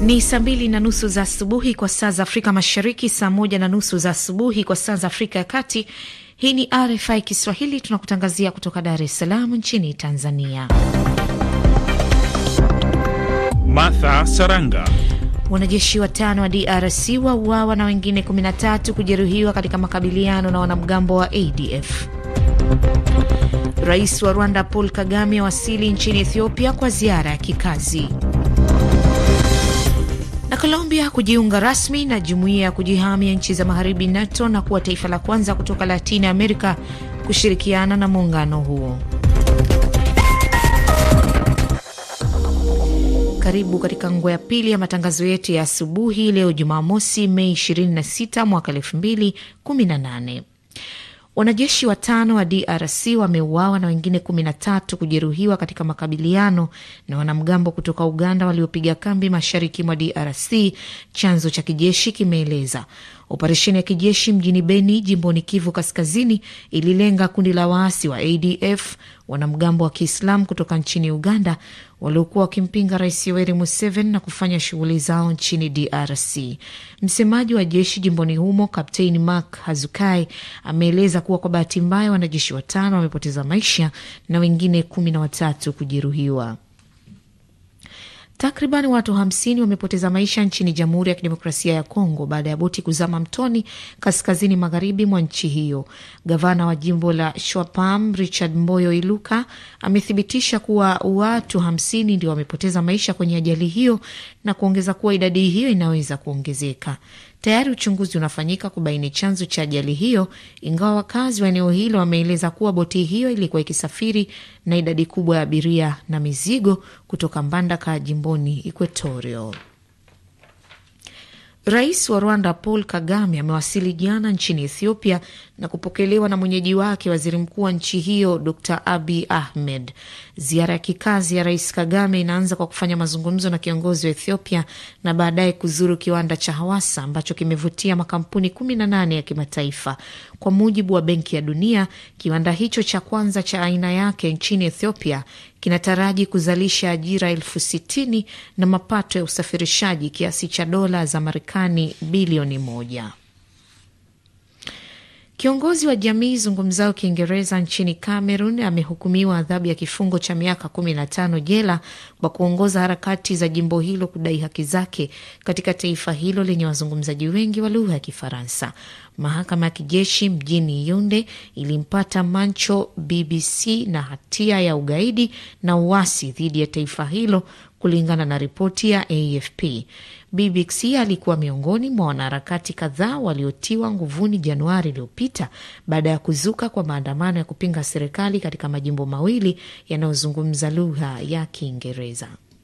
Ni saa mbili na nusu za asubuhi kwa saa za Afrika Mashariki, saa moja na nusu za asubuhi kwa saa za Afrika ya Kati. Hii ni RFI Kiswahili, tunakutangazia kutoka Dar es Salaam nchini Tanzania. Martha Saranga. Wanajeshi watano wa DRC wauawa na wengine 13 kujeruhiwa katika makabiliano na wanamgambo wa ADF. Rais wa Rwanda Paul Kagame awasili nchini Ethiopia kwa ziara ya kikazi na Colombia kujiunga rasmi na jumuiya ya kujihami ya nchi za magharibi NATO na kuwa taifa la kwanza kutoka Latini Amerika kushirikiana na muungano huo. Karibu katika nguo ya pili ya matangazo yetu ya asubuhi leo Jumamosi, Mei 26 mwaka 2018. Wanajeshi watano wa DRC wameuawa na wengine kumi na tatu kujeruhiwa katika makabiliano na wanamgambo kutoka Uganda waliopiga kambi mashariki mwa DRC, chanzo cha kijeshi kimeeleza. Operesheni ya kijeshi mjini Beni, jimboni Kivu Kaskazini, ililenga kundi la waasi wa ADF, wanamgambo wa Kiislamu kutoka nchini Uganda waliokuwa wakimpinga Rais Yoweri Museveni na kufanya shughuli zao nchini DRC. Msemaji wa jeshi jimboni humo, Kapteni Mark Hazukai, ameeleza kuwa kwa bahati mbaya wanajeshi watano wamepoteza maisha na wengine kumi na watatu kujeruhiwa. Takriban watu hamsini wamepoteza maisha nchini Jamhuri ya Kidemokrasia ya Kongo baada ya boti kuzama mtoni kaskazini magharibi mwa nchi hiyo. Gavana wa jimbo la Shwapam Richard Mboyo Iluka amethibitisha kuwa watu hamsini ndio wamepoteza maisha kwenye ajali hiyo na kuongeza kuwa idadi hiyo inaweza kuongezeka. Tayari uchunguzi unafanyika kubaini chanzo cha ajali hiyo, ingawa wakazi wa eneo hilo wameeleza kuwa boti hiyo ilikuwa ikisafiri na idadi kubwa ya abiria na mizigo kutoka Mbandaka jimboni Equatorio. Rais wa Rwanda Paul Kagame amewasili jana nchini Ethiopia na kupokelewa na mwenyeji wake waziri mkuu wa nchi hiyo Dr Abi Ahmed. Ziara ya kikazi ya Rais Kagame inaanza kwa kufanya mazungumzo na kiongozi wa Ethiopia na baadaye kuzuru kiwanda cha Hawasa ambacho kimevutia makampuni 18 ya kimataifa. Kwa mujibu wa Benki ya Dunia, kiwanda hicho cha kwanza cha aina yake nchini Ethiopia kinataraji kuzalisha ajira elfu sitini na mapato ya usafirishaji kiasi cha dola za Marekani bilioni moja. Kiongozi wa jamii zungumzao Kiingereza nchini Cameroon amehukumiwa adhabu ya kifungo cha miaka kumi na tano jela kwa kuongoza harakati za jimbo hilo kudai haki zake katika taifa hilo lenye wazungumzaji wengi wa lugha ya Kifaransa. Mahakama ya kijeshi mjini yunde ilimpata Mancho BBC na hatia ya ugaidi na uasi dhidi ya taifa hilo kulingana na ripoti ya AFP. BBC alikuwa miongoni mwa wanaharakati kadhaa waliotiwa nguvuni Januari iliyopita baada ya kuzuka kwa maandamano ya kupinga serikali katika majimbo mawili yanayozungumza lugha ya Kiingereza.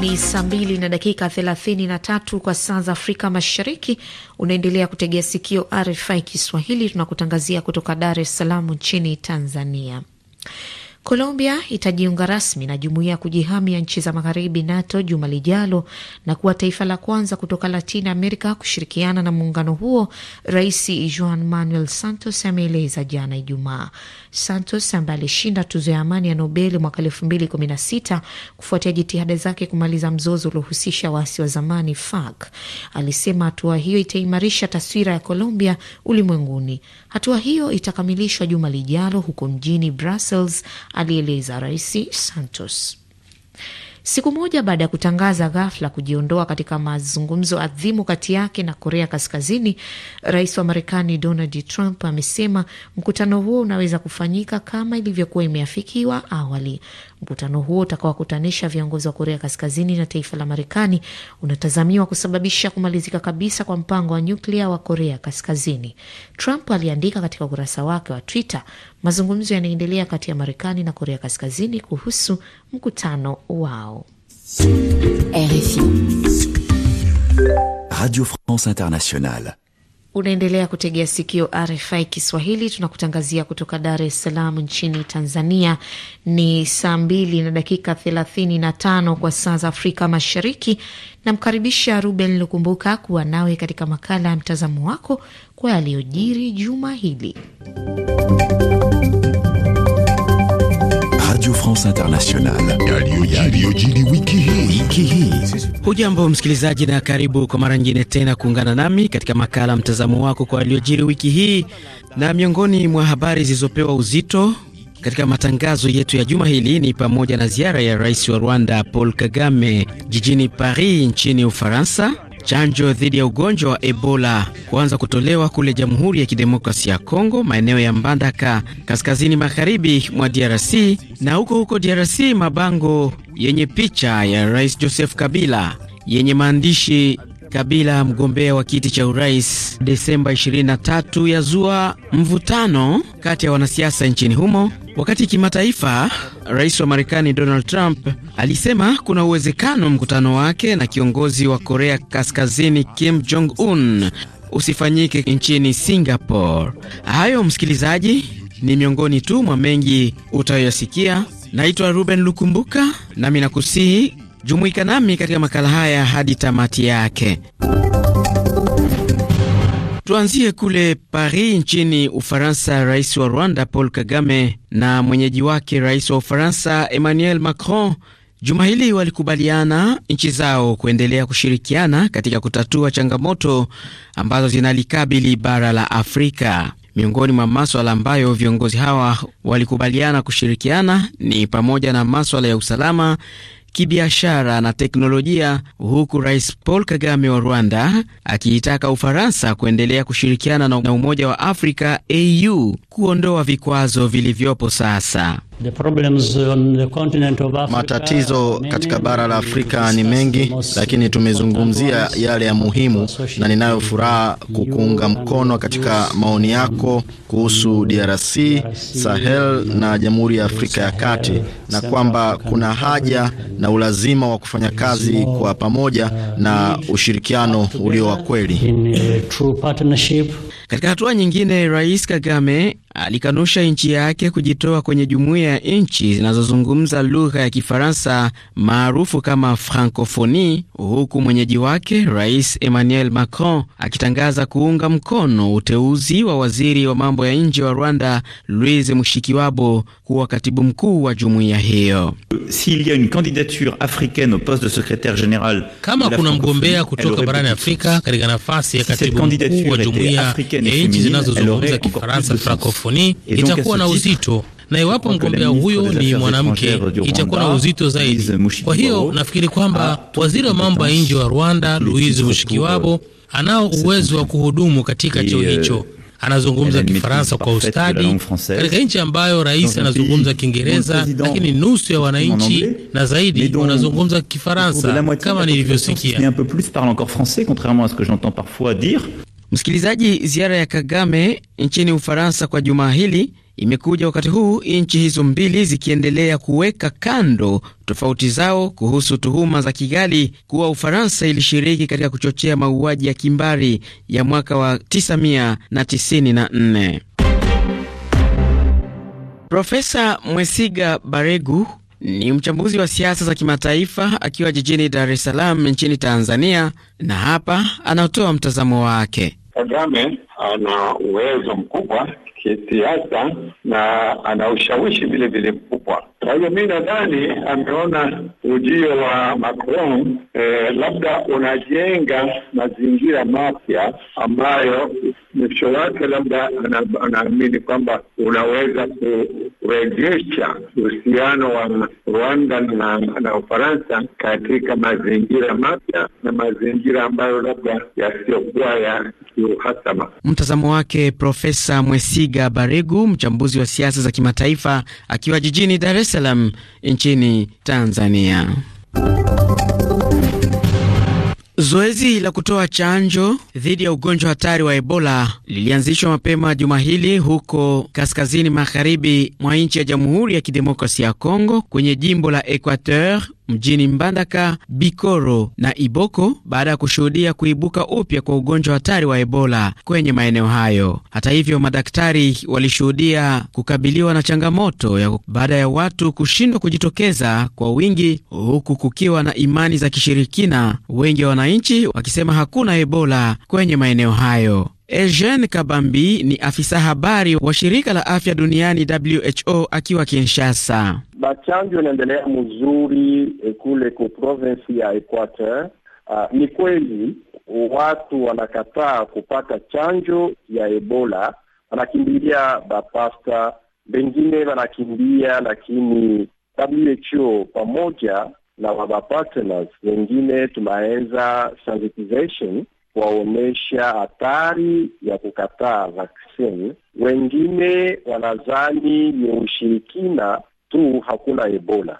Ni saa mbili na dakika thelathini na tatu kwa saa za Afrika Mashariki. Unaendelea kutegea sikio RFI Kiswahili, tunakutangazia kutoka Dar es Salaam nchini Tanzania. Colombia itajiunga rasmi na jumuiya ya kujihami ya nchi za magharibi NATO juma lijalo na kuwa taifa la kwanza kutoka Latin America kushirikiana na muungano huo, Rais Juan Manuel Santos ameeleza jana Ijumaa. Santos ambaye alishinda tuzo ya amani ya Nobel mwaka elfu mbili kumi na sita kufuatia jitihada zake kumaliza mzozo uliohusisha waasi wa zamani FARC alisema hatua hiyo itaimarisha taswira ya Colombia ulimwenguni. Hatua hiyo itakamilishwa juma lijalo huko mjini Brussels alieleza Rais Santos siku moja baada ya kutangaza ghafla kujiondoa katika mazungumzo adhimu kati yake na Korea Kaskazini. Rais wa Marekani Donald Trump amesema mkutano huo unaweza kufanyika kama ilivyokuwa imeafikiwa awali. Mkutano huo utakaowakutanisha viongozi wa Korea Kaskazini na taifa la Marekani unatazamiwa kusababisha kumalizika kabisa kwa mpango wa nyuklia wa Korea Kaskazini. Trump aliandika katika ukurasa wake wa Twitter, mazungumzo yanaendelea kati ya Marekani na Korea Kaskazini kuhusu mkutano wao. RFI Radio France Internationale. Unaendelea kutegea sikio RFI Kiswahili, tunakutangazia kutoka Dar es Salaam nchini Tanzania. Ni saa mbili na dakika thelathini na tano kwa saa za Afrika Mashariki. Namkaribisha Ruben Lukumbuka kuwa nawe katika makala ya mtazamo wako kwa yaliyojiri juma hili. France Internationale wiki hii. Wiki hii. Hujambo msikilizaji, na karibu kwa mara nyingine tena kuungana nami katika makala mtazamo wako kwa yaliyojiri wiki hii, na miongoni mwa habari zilizopewa uzito katika matangazo yetu ya juma hili ni pamoja na ziara ya rais wa Rwanda Paul Kagame jijini Paris nchini Ufaransa Chanjo dhidi ya ugonjwa wa Ebola kuanza kutolewa kule Jamhuri ya Kidemokrasia ya Kongo, maeneo ya Mbandaka, kaskazini magharibi mwa DRC. Na huko huko DRC, mabango yenye picha ya Rais Joseph Kabila yenye maandishi Kabila mgombea wa kiti cha urais Desemba 23 ya zua mvutano kati ya wanasiasa nchini humo, wakati kimataifa rais wa Marekani Donald Trump alisema kuna uwezekano mkutano wake na kiongozi wa Korea Kaskazini Kim Jong Un usifanyike nchini Singapore. Hayo msikilizaji, ni miongoni tu mwa mengi utayoyasikia. Naitwa Ruben Lukumbuka, nami nakusihi jumuika nami katika makala haya hadi tamati yake. Tuanzie kule Paris nchini Ufaransa. Rais wa Rwanda Paul Kagame na mwenyeji wake rais wa Ufaransa Emmanuel Macron juma hili walikubaliana nchi zao kuendelea kushirikiana katika kutatua changamoto ambazo zinalikabili bara la Afrika. Miongoni mwa maswala ambayo viongozi hawa walikubaliana kushirikiana ni pamoja na maswala ya usalama kibiashara na teknolojia, huku Rais Paul Kagame wa Rwanda akiitaka Ufaransa kuendelea kushirikiana na Umoja wa Afrika au kuondoa vikwazo vilivyopo sasa. The problems on the continent of Africa, matatizo katika bara la Afrika ni mengi, lakini tumezungumzia yale ya muhimu, na ninayo furaha kukuunga mkono katika maoni yako kuhusu DRC, Sahel na Jamhuri ya Afrika ya Kati, na kwamba kuna haja na ulazima wa kufanya kazi kwa pamoja na uh, ushirikiano uh, ulio wa kweli. Katika hatua nyingine, Rais Kagame alikanusha nchi yake kujitoa kwenye jumuiya ya nchi zinazozungumza lugha ya Kifaransa maarufu kama francofoni huku mwenyeji wake Rais Emmanuel Macron akitangaza kuunga mkono uteuzi wa waziri wa mambo ya nje wa Rwanda Louise Mushikiwabo kuwa katibu mkuu wa jumuiya hiyo. Kama kuna mgombea kutoka barani Afrika katika nafasi ya katibu mkuu wa jumuiya na nchi zinazozungumza Kifaransa frankofoni itakuwa na uzito na iwapo mgombea huyo ni mwanamke itakuwa na uzito zaidi. Kwa hiyo nafikiri kwamba waziri wa mambo ya nje wa Rwanda Louise Mushikiwabo euh, anao uwezo wa kuhudumu katika cheo euh, hicho. Anazungumza Kifaransa kwa ustadi katika nchi ambayo rais anazungumza Kiingereza, lakini nusu ya wananchi na zaidi wanazungumza Kifaransa kama nilivyosikia. Msikilizaji, ziara ya Kagame nchini Ufaransa kwa jumaa hili imekuja wakati huu nchi hizo mbili zikiendelea kuweka kando tofauti zao kuhusu tuhuma za Kigali kuwa Ufaransa ilishiriki katika kuchochea mauaji ya kimbari ya mwaka wa 1994. Profesa Mwesiga Baregu ni mchambuzi wa siasa za kimataifa akiwa jijini Dar es Salaam nchini Tanzania, na hapa anatoa mtazamo wake. Kagame ana uwezo mkubwa kisiasa na ana ushawishi vile vile mkubwa kwa hiyo mi nadhani ameona ujio wa Macron eh, labda unajenga mazingira mapya ambayo mwisho wake labda anaamini kwamba unaweza kurejesha uhusiano wa Rwanda na, na Ufaransa katika mazingira mapya na mazingira ambayo labda yasiyokuwa ya kiuhasama. Mtazamo wake Profesa Mwesiga Baregu, mchambuzi wa siasa za kimataifa akiwa jijini Dar es Salaam nchini Tanzania. Zoezi la kutoa chanjo dhidi ya ugonjwa hatari wa Ebola lilianzishwa mapema juma hili huko kaskazini magharibi mwa nchi ya Jamhuri ya Kidemokrasia ya Kongo kwenye jimbo la Equateur mjini Mbandaka, Bikoro na Iboko baada ya kushuhudia kuibuka upya kwa ugonjwa hatari wa Ebola kwenye maeneo hayo. Hata hivyo, madaktari walishuhudia kukabiliwa na changamoto ya baada ya watu kushindwa kujitokeza kwa wingi, huku kukiwa na imani za kishirikina, wengi wa wananchi wakisema hakuna Ebola kwenye maeneo hayo. Eugene Kabambi ni afisa habari wa shirika la afya duniani WHO akiwa Kinshasa. Machanjo inaendelea mzuri eh, kule ku province ya Equateur. Uh, ni kweli watu wanakataa kupata chanjo ya Ebola, wanakimbilia bapasta, wengine wanakimbia, lakini WHO pamoja na wabapartners wengine tunaenza sensitization kuwaonyesha hatari ya kukataa vaksini. Wengine wanadhani ni ushirikina tu, hakuna Ebola.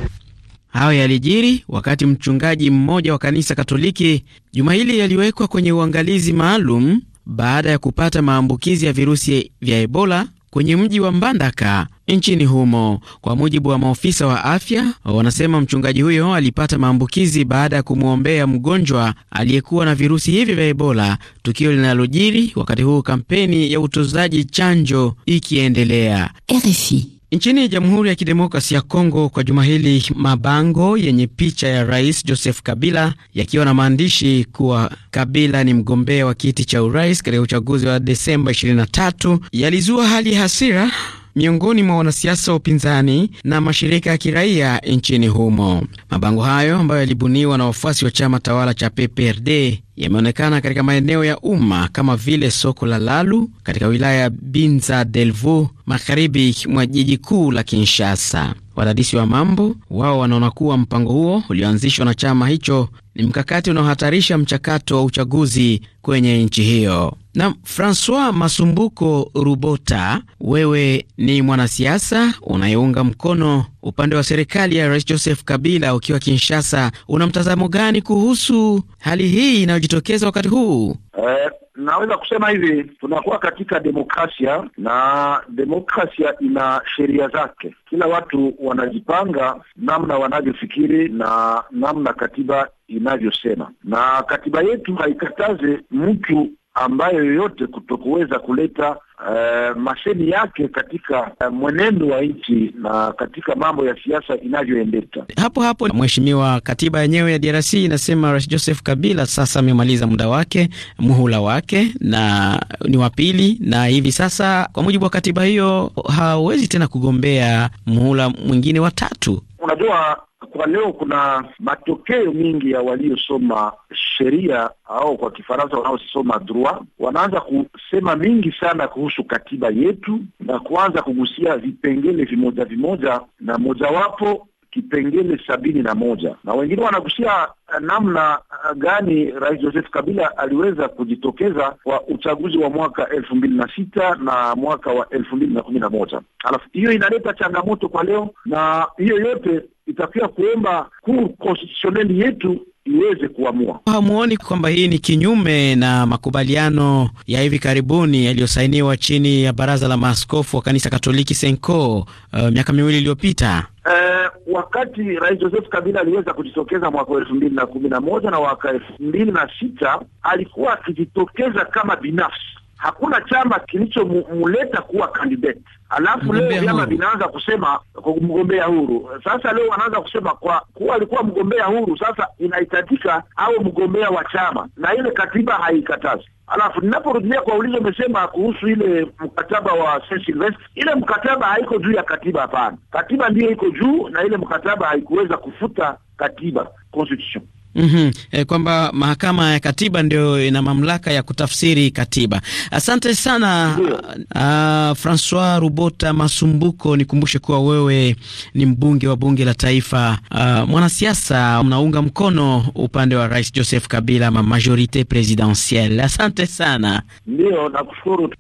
Hayo yalijiri wakati mchungaji mmoja wa kanisa Katoliki juma hili yaliwekwa kwenye uangalizi maalum baada ya kupata maambukizi ya virusi vya Ebola kwenye mji wa Mbandaka nchini humo. Kwa mujibu wa maofisa wa afya, wanasema mchungaji huyo alipata maambukizi baada ya kumwombea mgonjwa aliyekuwa na virusi hivi vya Ebola, tukio linalojiri wakati huu kampeni ya utozaji chanjo ikiendelea. RFI. Nchini Jamhuri ya Kidemokrasi ya Kongo kwa juma hili, mabango yenye picha ya Rais Joseph Kabila yakiwa na maandishi kuwa Kabila ni mgombea wa kiti cha urais katika uchaguzi wa Desemba 23 yalizua hali ya hasira miongoni mwa wanasiasa wa upinzani na mashirika ya kiraia nchini humo. Mabango hayo ambayo yalibuniwa na wafuasi wa chama tawala cha PPRD yameonekana katika maeneo ya umma kama vile soko la Lalu katika wilaya ya Binza Delvaux magharibi mwa jiji kuu la Kinshasa. Wadadisi wa mambo wao wanaona kuwa mpango huo ulioanzishwa na chama hicho ni mkakati unaohatarisha mchakato wa uchaguzi kwenye nchi hiyo. Na Francois Masumbuko Rubota, wewe ni mwanasiasa unayeunga mkono Upande wa serikali ya Rais Joseph Kabila ukiwa Kinshasa, una mtazamo gani kuhusu hali hii inayojitokeza wakati huu? Eh, naweza kusema hivi, tunakuwa katika demokrasia na demokrasia ina sheria zake. Kila watu wanajipanga namna wanavyofikiri na namna katiba inavyosema, na katiba yetu haikataze mtu ambayo yoyote kutokuweza kuleta uh, masemi yake katika uh, mwenendo wa nchi na katika mambo ya siasa inavyoendeka. Hapo hapo, mheshimiwa, katiba yenyewe ya DRC inasema Rais Joseph Kabila sasa amemaliza muda wake, muhula wake, na ni wa pili, na hivi sasa kwa mujibu wa katiba hiyo hawezi tena kugombea muhula mwingine wa tatu. Unajua kwa leo kuna matokeo mingi ya waliosoma sheria au kwa Kifaransa wanaosoma droit, wanaanza kusema mengi sana kuhusu katiba yetu na kuanza kugusia vipengele vimoja vimoja, na mojawapo kipengele sabini na moja, na wengine wanagusia Eh, namna eh, gani Rais Joseph Kabila aliweza kujitokeza kwa uchaguzi wa mwaka elfu mbili na sita na mwaka wa elfu mbili na kumi na moja. Alafu hiyo inaleta changamoto kwa leo, na hiyo yote itakiwa kuomba kuu konstitusioneli yetu iweze kuamua. Hamuoni kwamba hii ni kinyume na makubaliano ya hivi karibuni yaliyosainiwa chini ya baraza la maaskofu wa kanisa Katoliki Senko uh, miaka miwili iliyopita? Uh, wakati Rais Joseph Kabila aliweza kujitokeza mwaka wa elfu mbili na kumi na moja na mwaka elfu mbili na sita alikuwa akijitokeza kama binafsi. Hakuna chama kilichomuleta kuwa kandidate. Alafu leo vyama vinaanza kusema mgombea huru. Sasa leo wanaanza kusema kwa kuwa alikuwa mgombea huru, sasa inahitajika au mgombea wa chama, na ile katiba haikatazi. Alafu ninaporudilia kwa ulizo umesema kuhusu ile mkataba wa Saint Sylvestre, ile mkataba haiko juu ya katiba. Hapana, katiba ndiyo iko juu, na ile mkataba haikuweza kufuta katiba constitution. Mm -hmm. E, kwamba mahakama ya katiba ndio ina mamlaka ya kutafsiri katiba. Asante sana a, a, ah, ah, Francois Rubota Masumbuko, nikumbushe kuwa wewe ni mbunge wa bunge la taifa, ah, mwanasiasa mnaunga mkono upande wa Rais Joseph Kabila ma majorite presidentielle. Asante sana. Ndio, nakushukuru.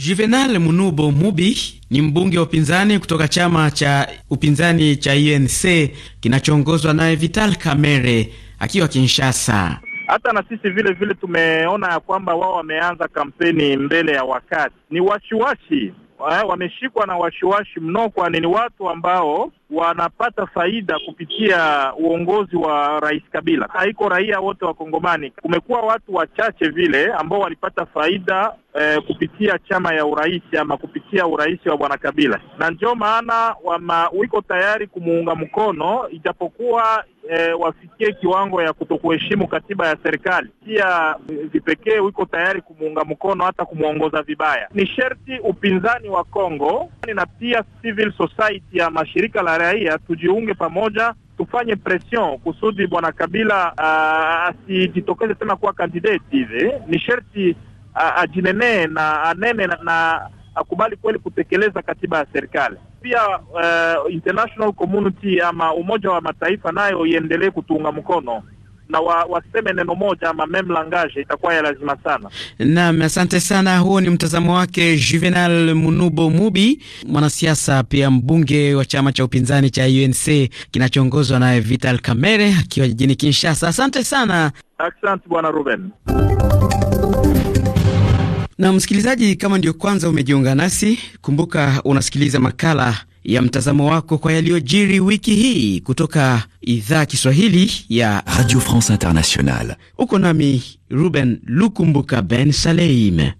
Juvenal Munubo Mubi ni mbunge wa upinzani kutoka chama cha upinzani cha UNC kinachoongozwa naye Vital Kamerhe akiwa Kinshasa. Hata na sisi vile vile tumeona ya kwamba wao wameanza kampeni mbele ya wakati, ni washiwashi Eh, wameshikwa na washiwashi mno, kwani ni watu ambao wanapata faida kupitia uongozi wa Rais Kabila. Haiko raia wote wa Kongomani, kumekuwa watu wachache vile ambao walipata faida eh, kupitia chama ya urais ama kupitia urais wa bwana Kabila, na ndio maana wiko tayari kumuunga mkono ijapokuwa e, eh, wafikie kiwango ya kutokuheshimu katiba ya serikali. Pia eh, vipekee wiko tayari kumuunga mkono hata kumwongoza vibaya. Ni sherti upinzani wa Kongo na pia civil society ya mashirika la raia tujiunge pamoja tufanye presion kusudi bwana Kabila ah, asijitokeze tena kuwa kandideti hivi. Ni sherti ah, ajinenee na anene na, na akubali kweli kutekeleza katiba ya serikali pia uh, international community ama Umoja wa Mataifa nayo iendelee kutuunga mkono na wa, waseme neno moja ama meme langage itakuwa ya lazima sana. Naam, asante sana. Huo ni mtazamo wake Juvenal Munubo Mubi, mwanasiasa pia mbunge wa chama cha upinzani cha UNC kinachoongozwa naye Vital Kamerhe akiwa jijini Kinshasa. Asante sana. Asante bwana Ruben. Na msikilizaji, kama ndio kwanza umejiunga nasi, kumbuka unasikiliza makala ya mtazamo wako kwa yaliyojiri wiki hii kutoka idhaa Kiswahili ya Radio France Internationale. Uko nami Ruben Lukumbuka Ben Saleim.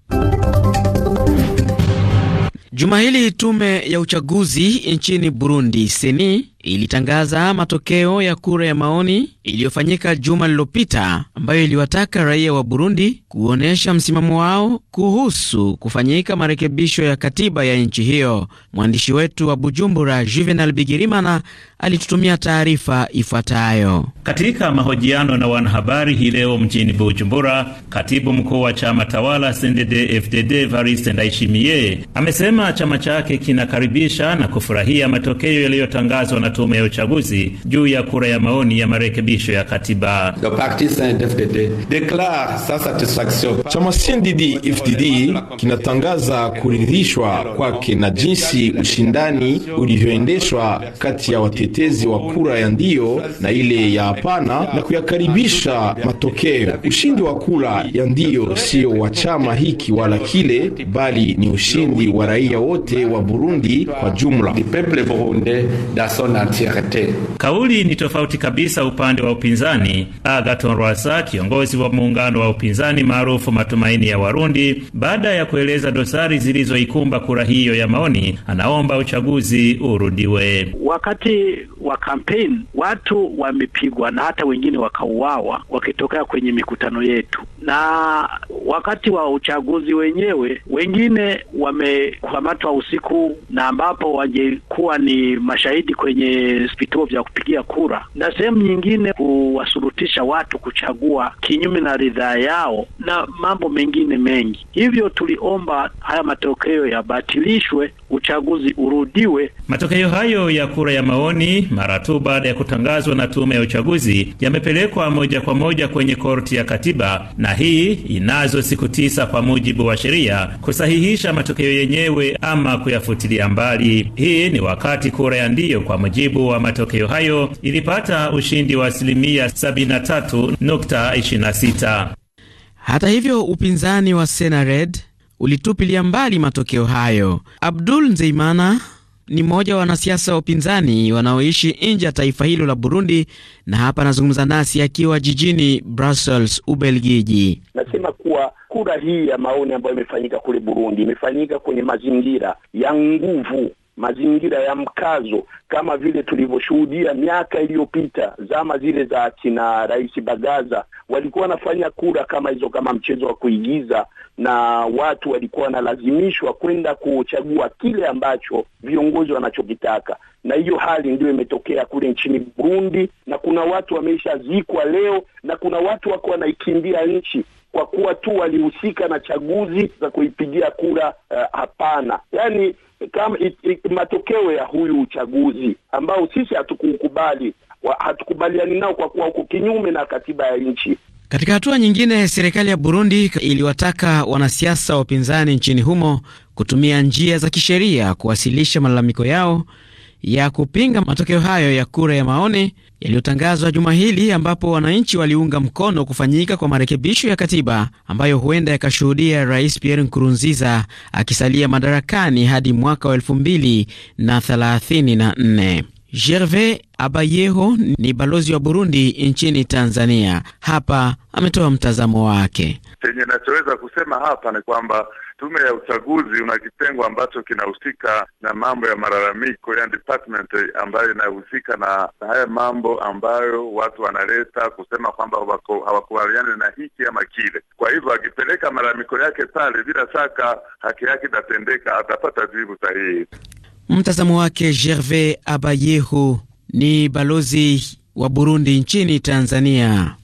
Juma hili tume ya uchaguzi nchini Burundi seni ilitangaza matokeo ya kura ya maoni iliyofanyika juma lililopita ambayo iliwataka raia wa Burundi kuonyesha msimamo wao kuhusu kufanyika marekebisho ya katiba ya nchi hiyo. Mwandishi wetu wa Bujumbura, Juvenal Bigirimana, alitutumia taarifa ifuatayo. Katika mahojiano na wanahabari hii leo mjini Bujumbura, katibu mkuu wa chama tawala CNDD-FDD Evariste Ndayishimiye amesema chama chake kinakaribisha na kufurahia matokeo yaliyotangazwa na tume ya uchaguzi juu ya kura ya maoni ya marekebisho ya katiba. Chama CNDD-FDD kinatangaza kuridhishwa kwake na jinsi ushindani ulivyoendeshwa kati ya watetezi wa kura ya ndiyo na ile ya hapana na kuyakaribisha matokeo. Ushindi wa kura ya ndiyo sio wa chama hiki wala kile, bali ni ushindi wa raia wote wa Burundi kwa jumla. Kauli ni tofauti kabisa upande wa upinzani. agaton Rwasa, kiongozi wa muungano wa upinzani maarufu Matumaini ya Warundi, baada ya kueleza dosari zilizoikumba kura hiyo ya maoni, anaomba uchaguzi urudiwe. Wakati wa kampeni watu wamepigwa na hata wengine wakauawa wakitokea kwenye mikutano yetu, na wakati wa uchaguzi wenyewe wengine wamekamatwa usiku, na ambapo wangekuwa ni mashahidi kwenye vituo vya kupigia kura, na sehemu nyingine kuwasurutisha watu kuchagua kinyume na ridhaa yao na mambo mengine mengi. Hivyo tuliomba haya matokeo yabatilishwe uchaguzi urudiwe. Matokeo hayo ya kura ya maoni mara tu baada ya kutangazwa na tume ya uchaguzi yamepelekwa moja kwa moja kwenye korti ya katiba, na hii inazo siku tisa kwa mujibu wa sheria kusahihisha matokeo yenyewe ama kuyafutilia mbali. Hii ni wakati kura ya ndiyo kwa mujibu wa matokeo hayo ilipata ushindi wa asilimia 73.26. Hata hivyo upinzani wa Senared ulitupilia mbali matokeo hayo. Abdul Nzeimana ni mmoja wa wanasiasa wa upinzani wanaoishi nje ya taifa hilo la Burundi, na hapa anazungumza nasi akiwa jijini Brussels, Ubelgiji. Nasema kuwa kura hii ya maoni ambayo imefanyika kule Burundi imefanyika kwenye mazingira ya nguvu mazingira ya mkazo kama vile tulivyoshuhudia miaka iliyopita, zama zile za kina Rais Bagaza, walikuwa wanafanya kura kama hizo kama mchezo wa kuigiza, na watu walikuwa wanalazimishwa kwenda kuchagua kile ambacho viongozi wanachokitaka, na hiyo hali ndiyo imetokea kule nchini Burundi, na kuna watu wameshazikwa leo na kuna watu wako wanaikimbia nchi kwa kuwa tu walihusika na chaguzi za kuipigia kura. Uh, hapana, yani kama it, it, matokeo ya huyu uchaguzi ambao sisi hatukukubali, hatukubaliani nao kwa kuwa uko kinyume na katiba ya nchi. Katika hatua nyingine, serikali ya Burundi iliwataka wanasiasa wa upinzani nchini humo kutumia njia za kisheria kuwasilisha malalamiko yao ya kupinga matokeo hayo ya kura ya maoni yaliyotangazwa juma hili, ambapo wananchi waliunga mkono kufanyika kwa marekebisho ya katiba ambayo huenda yakashuhudia Rais Pierre Nkurunziza akisalia madarakani hadi mwaka wa elfu mbili na thelathini na nne. Gervais Abayeho ni balozi wa Burundi nchini Tanzania. Hapa ametoa mtazamo wake. Chenye nachoweza kusema hapa ni kwamba tume ya uchaguzi una kitengo ambacho kinahusika na mambo ya malalamiko, yani department ambayo inahusika na haya mambo ambayo watu wanaleta kusema kwamba hawakubaliani na hiki ama kile. Kwa hivyo akipeleka malalamiko yake pale, bila shaka haki yake itatendeka, atapata jibu sahihi. Mtazamo wake Gervais Abayehu, ni balozi wa Burundi nchini Tanzania.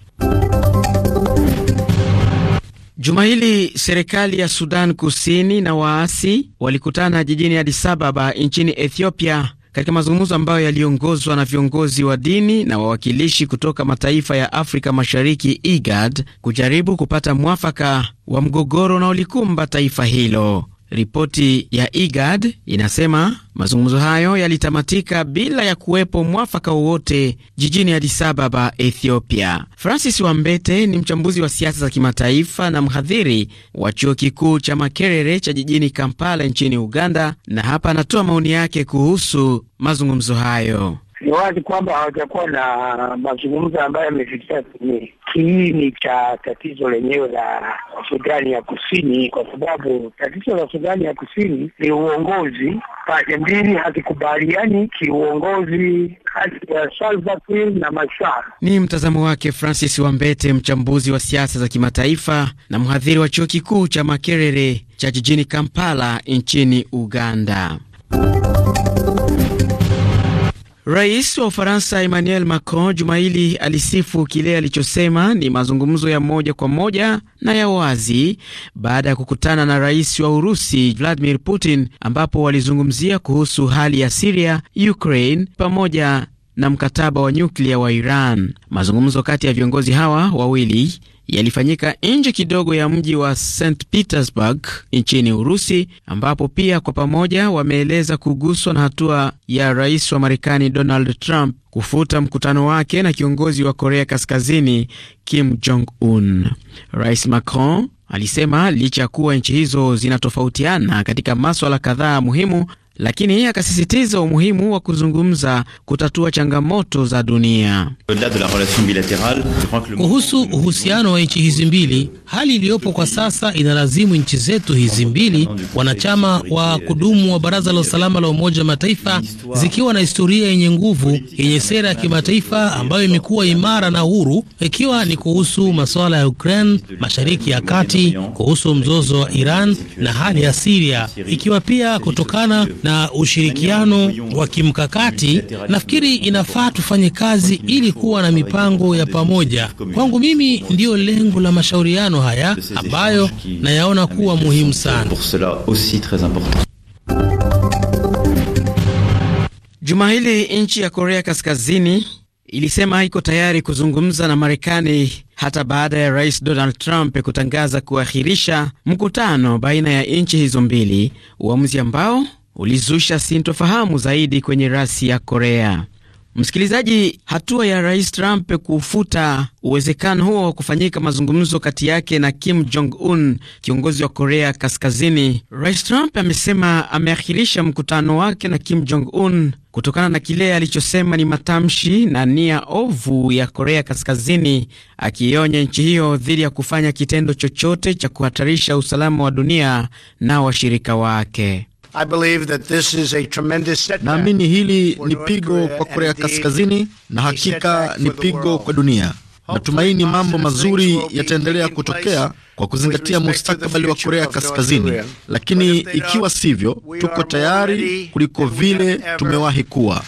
Juma hili serikali ya Sudan Kusini na waasi walikutana jijini Addis Ababa nchini Ethiopia katika mazungumzo ambayo yaliongozwa na viongozi wa dini na wawakilishi kutoka mataifa ya Afrika Mashariki IGAD kujaribu kupata mwafaka wa mgogoro unaolikumba taifa hilo. Ripoti ya IGAD inasema mazungumzo hayo yalitamatika bila ya kuwepo mwafaka wowote jijini Addis Ababa, Ethiopia. Francis Wambete ni mchambuzi wa siasa za kimataifa na mhadhiri wa chuo kikuu cha Makerere cha jijini Kampala nchini Uganda, na hapa anatoa maoni yake kuhusu mazungumzo hayo ni wazi kwamba hawajakuwa na mazungumzo ambayo yamefikia kwenye kiini cha tatizo lenyewe la Sudani ya Kusini, kwa sababu tatizo la Sudani ya Kusini ni uongozi. Pande mbili hazikubaliani kiuongozi kati ya Salva Kiir na Machar. Ni mtazamo wake Francis Wambete, mchambuzi wa siasa za kimataifa na mhadhiri wa chuo kikuu cha Makerere cha jijini Kampala nchini Uganda. Rais wa Ufaransa Emmanuel Macron juma hili alisifu kile alichosema ni mazungumzo ya moja kwa moja na ya wazi baada ya kukutana na rais wa Urusi Vladimir Putin, ambapo walizungumzia kuhusu hali ya Siria, Ukraine pamoja na mkataba wa nyuklia wa Iran. Mazungumzo kati ya viongozi hawa wawili yalifanyika nje kidogo ya mji wa St Petersburg nchini Urusi, ambapo pia kwa pamoja wameeleza kuguswa na hatua ya rais wa Marekani Donald Trump kufuta mkutano wake na kiongozi wa Korea Kaskazini Kim Jong Un. Rais Macron alisema licha ya kuwa nchi hizo zinatofautiana katika maswala kadhaa muhimu lakini akasisitiza umuhimu wa kuzungumza kutatua changamoto za dunia. Kuhusu uhusiano wa nchi hizi mbili, hali iliyopo kwa sasa inalazimu nchi zetu hizi mbili, wanachama wa kudumu wa Baraza la Usalama la Umoja wa Mataifa, zikiwa na historia yenye nguvu, yenye sera ya kimataifa ambayo imekuwa imara na huru, ikiwa ni kuhusu masuala ya Ukraine, Mashariki ya Kati, kuhusu mzozo wa Iran na hali ya Siria, ikiwa pia kutokana na ushirikiano wa kimkakati, nafikiri inafaa tufanye kazi ili kuwa na mipango ya pamoja. Kwangu mimi, ndiyo lengo la mashauriano haya ambayo nayaona kuwa muhimu sana. Juma hili nchi ya Korea Kaskazini ilisema haiko tayari kuzungumza na Marekani hata baada ya Rais Donald Trump kutangaza kuahirisha mkutano baina ya nchi hizo mbili, uamuzi ambao ulizusha sintofahamu zaidi kwenye rasi ya Korea. Msikilizaji, hatua ya Rais Trump kufuta uwezekano huo wa kufanyika mazungumzo kati yake na Kim Jong Un, kiongozi wa Korea Kaskazini. Rais Trump amesema ameahirisha mkutano wake na Kim Jong Un kutokana na kile alichosema ni matamshi na nia ovu ya Korea Kaskazini, akiionya nchi hiyo dhidi ya kufanya kitendo chochote cha kuhatarisha usalama wa dunia na washirika wake. Naamini hili ni pigo kwa Korea Kaskazini na hakika ni pigo kwa dunia. Natumaini mambo mazuri yataendelea kutokea kwa kuzingatia mustakabali wa Korea Kaskazini, lakini ikiwa sivyo, tuko tayari kuliko vile tumewahi kuwa.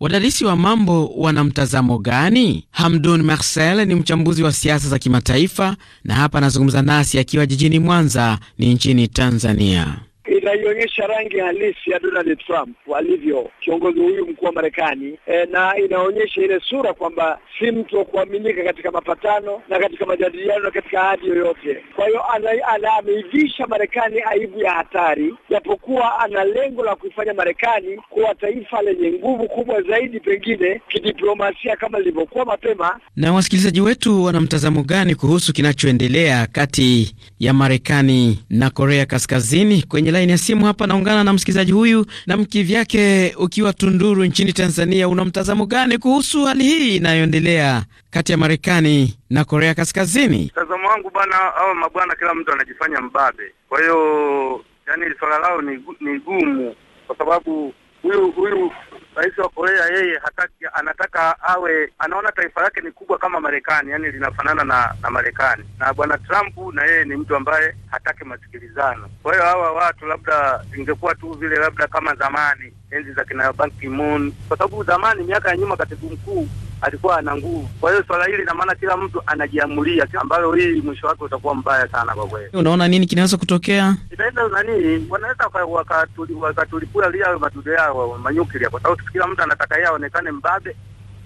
Wadadisi wa mambo wana mtazamo gani? Hamdun Marcel ni mchambuzi wa siasa za kimataifa na hapa anazungumza nasi akiwa jijini Mwanza ni nchini Tanzania inaionyesha rangi halisi ya Donald Trump alivyo kiongozi huyu mkuu wa Marekani e, na inaonyesha ile sura kwamba si mtu wa kuaminika katika mapatano na katika majadiliano na katika ahadi yoyote. Kwa hiyo anaivisha Marekani aibu ya hatari, japokuwa ana lengo la kuifanya Marekani kuwa taifa lenye nguvu kubwa zaidi pengine kidiplomasia kama lilivyokuwa mapema. Na wasikilizaji wetu wana mtazamo gani kuhusu kinachoendelea kati ya Marekani na Korea Kaskazini? Kwenye line ya simu hapa, naungana na msikilizaji huyu na mkivyake, ukiwa Tunduru nchini Tanzania, una mtazamo gani kuhusu hali hii inayoendelea kati ya Marekani na Korea Kaskazini? Mtazamo wangu bwana, au mabwana, kila mtu anajifanya mbabe, kwa hiyo yani swala lao ni, ni gumu kwa sababu huyu huyu rais wa Korea yeye hataki, anataka awe anaona taifa lake ni kubwa kama Marekani, yani linafanana na na Marekani. Na bwana Trump na yeye ni mtu ambaye hataki masikilizano. Kwa hiyo hawa watu labda ingekuwa tu vile labda kama zamani enzi za kina Ban Ki-moon, kwa sababu zamani, miaka ya nyuma, katibu mkuu alikuwa ana nguvu. Kwa hiyo swala hili ina maana kila mtu anajiamulia, ambayo hii mwisho wake utakuwa mbaya sana kwa kweli. Unaona nini kinaweza kutokea? Inaweza nani, wanaweza wakatulipulia waka lia matudo yao manyuklia, kwa sababu kila mtu anataka yeye aonekane mbabe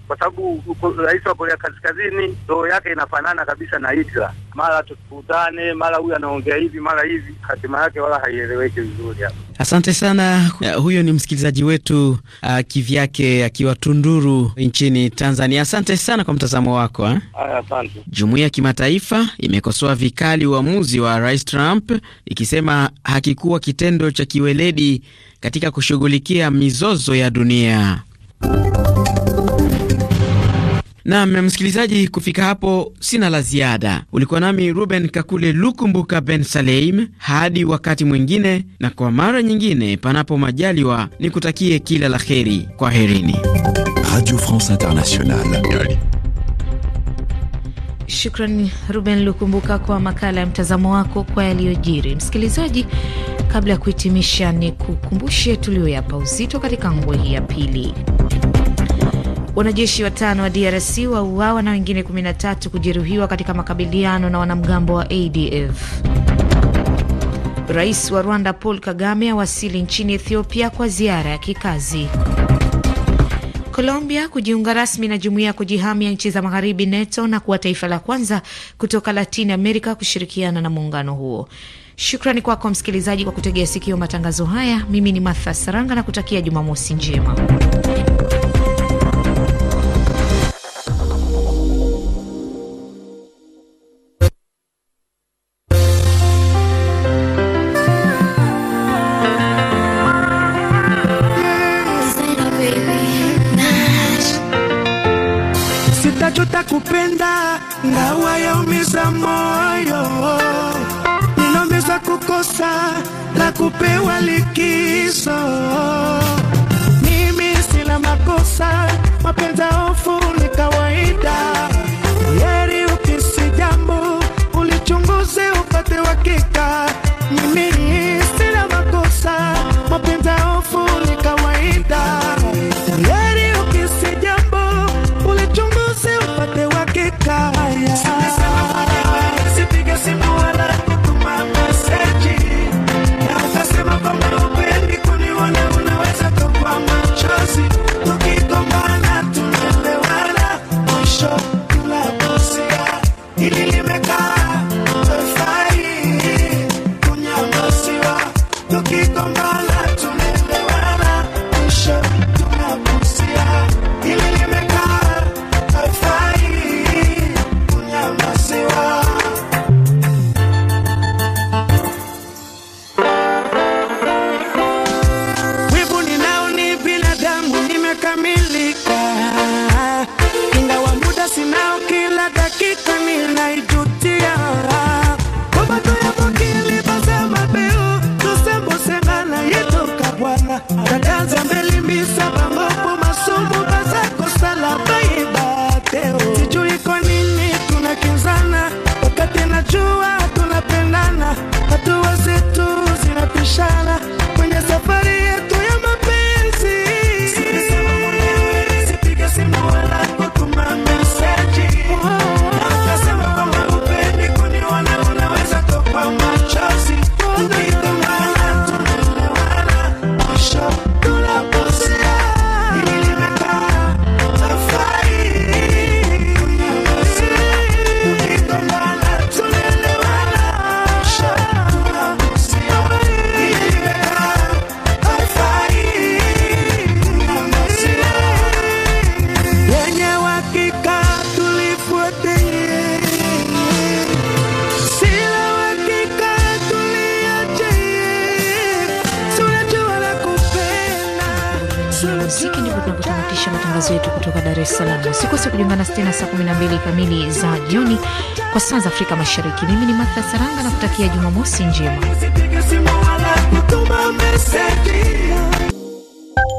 kwa sababu rais wa Korea Kaskazini roho yake inafanana kabisa na Hitler. Mara tukutane, mara huyu anaongea hivi, mara hivi, hatima yake wala haieleweki vizuri hapa. Asante sana. Huyo ni msikilizaji wetu uh, kivyake akiwa Tunduru nchini Tanzania. Asante sana kwa mtazamo wako eh? Asante. Jumuiya ya kimataifa imekosoa vikali uamuzi wa Rais Trump ikisema hakikuwa kitendo cha kiweledi katika kushughulikia mizozo ya dunia. Na msikilizaji, kufika hapo sina la ziada. Ulikuwa nami Ruben Kakule Lukumbuka Ben Saleim, hadi wakati mwingine, na kwa mara nyingine, panapo majaliwa, nikutakie kila la heri. Kwa herini. Radio France Internationale. Shukran Ruben Lukumbuka kwa makala ya mtazamo wako kwa yaliyojiri. Msikilizaji, kabla ya kuhitimisha, ni kukumbushe tuliyoyapa uzito katika nguo hii ya pili. Wanajeshi watano wa DRC wauawa na wengine 13 kujeruhiwa katika makabiliano na wanamgambo wa ADF. Rais wa Rwanda Paul Kagame awasili nchini Ethiopia kwa ziara ya kikazi. Colombia kujiunga rasmi na jumuiya ya kujihami ya nchi za magharibi NATO na kuwa taifa la kwanza kutoka Latin America kushirikiana na muungano huo. Shukrani kwako kwa msikilizaji kwa kutegea sikio matangazo haya. Mimi ni Martha Saranga na kutakia Jumamosi njema. kupenda ngawa yaumiza moyo, ninaumiza kukosa la kupewa likizo. Mimi sina makosa, mapenzi hofu ni kawaida. Heri ukisi jambo ulichunguze upate wakika Afrika Mashariki. Mimi ni Martha Saranga na kutakia Jumamosi njema.